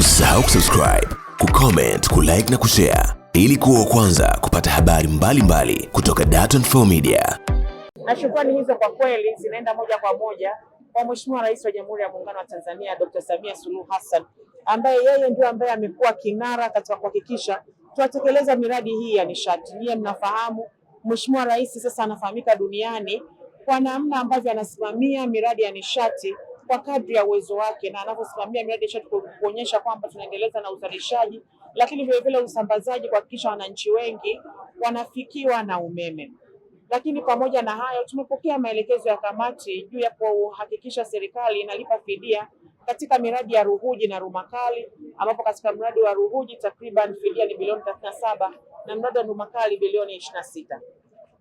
Usisahau kusubscribe, kucomment, kulike na kushare ili kuwa kwanza kupata habari mbalimbali mbali kutoka Dar24 Media. Na shukrani hizo kwa kweli zinaenda moja kwa moja kwa Mheshimiwa Rais wa Jamhuri ya Muungano wa Tanzania Dr. Samia Suluhu Hassan ambaye yeye ndio ambaye amekuwa kinara katika kuhakikisha tunatekeleza miradi hii ya nishati. Niye mnafahamu Mheshimiwa Rais sasa anafahamika duniani kwa namna ambavyo anasimamia miradi ya nishati kwa kadri ya uwezo wake na anavyosimamia miradi ya kuonyesha kwamba tunaendeleza na uzalishaji, lakini vilevile usambazaji, kuhakikisha wananchi wengi wanafikiwa na umeme. Lakini pamoja na hayo, tumepokea maelekezo ya kamati juu ya kuhakikisha serikali inalipa fidia katika miradi ya Ruhuji na Rumakali, ambapo katika mradi wa Ruhuji takriban fidia ni bilioni thelathini na saba na mradi wa Rumakali bilioni ishirini sita.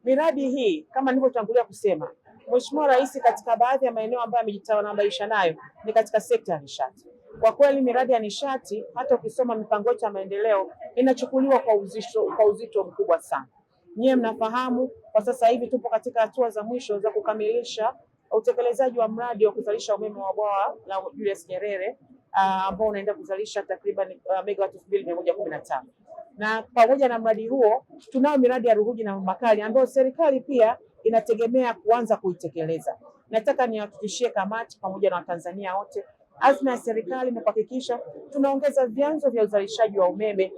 Miradi hii kama nilivyotangulia kusema Mheshimiwa Rais katika baadhi ya maeneo ambayo amejitanabaisha nayo ni katika sekta ya nishati. Kwa kweli miradi ya nishati, hata ukisoma mipango yetu ya maendeleo inachukuliwa kwa uzito, kwa uzito mkubwa sana. Nyiwe mnafahamu kwa sasa hivi tupo katika hatua za mwisho za kukamilisha utekelezaji wa mradi wa kuzalisha umeme wa bwawa la Julius Nyerere ah, ambao uh, unaenda kuzalisha takriban uh, ah, megawati elfu na na pamoja na mradi huo tunao miradi ya Ruhuji na Makali ambayo serikali pia inategemea kuanza kuitekeleza. Nataka niwahakikishie kamati pamoja na Watanzania wote, azma ya serikali ni kuhakikisha tunaongeza vyanzo vya uzalishaji wa umeme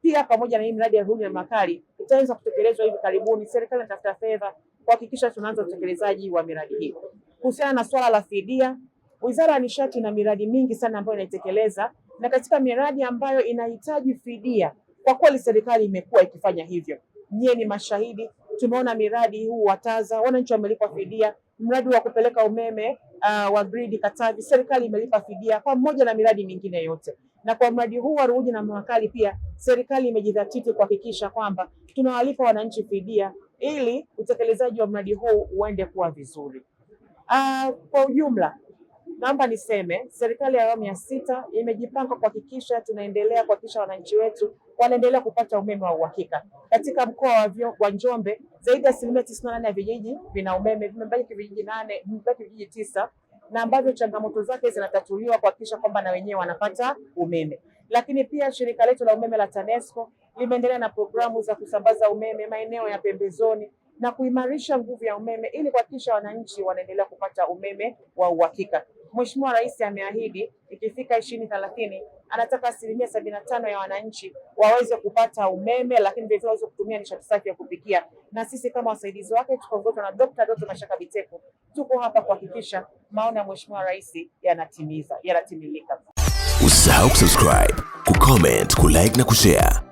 pia pamoja na hii miradi ya Ruhuni ya Makali itaweza kutekelezwa hivi karibuni. Serikali inatafuta fedha kuhakikisha tunaanza utekelezaji wa miradi hii. Kuhusiana na swala la fidia, Wizara ya Nishati ina miradi mingi sana ambayo inaitekeleza, na katika miradi ambayo inahitaji fidia, kwa kweli serikali imekuwa ikifanya hivyo. Nyie ni mashahidi, tumeona miradi huu wa TAZA, wananchi wamelipwa fidia, mradi wa kupeleka umeme uh, wa gridi Katavi, serikali imelipa fidia, pamoja na miradi mingine yote. Na kwa mradi huu wa ruhuji na Mwakali pia serikali imejidhatiti kuhakikisha kwamba tunawalipa wananchi fidia ili utekelezaji wa mradi huu uende kuwa vizuri. Uh, kwa ujumla Naomba niseme serikali ya awamu ya sita imejipanga kuhakikisha tunaendelea kuhakikisha wananchi wetu wanaendelea kupata umeme wa uhakika. Katika mkoa wa Njombe zaidi ya asilimia tisini na nane ya vijiji vina umeme, vimebaki vijiji nane, vimebaki vijiji tisa na ambavyo changamoto zake zinatatuliwa kuhakikisha kwamba na wenyewe wanapata umeme. Lakini pia shirika letu la umeme la TANESCO limeendelea na programu za kusambaza umeme maeneo ya pembezoni na kuimarisha nguvu ya umeme ili kuhakikisha wananchi wanaendelea kupata umeme wa uhakika. Mheshimiwa Rais ameahidi ikifika ishirini thelathini anataka asilimia sabini na tano ya wananchi waweze kupata umeme, lakini vilevile waweze kutumia nishati safi ya kupikia. Na sisi kama wasaidizi wake tukiongozwa na Dr. Doto Mashaka Biteko tuko hapa kuhakikisha maono ya Mheshimiwa Rais yanatimiza yanatimilika. Usisahau kusubscribe, kucomment, kulike na kushare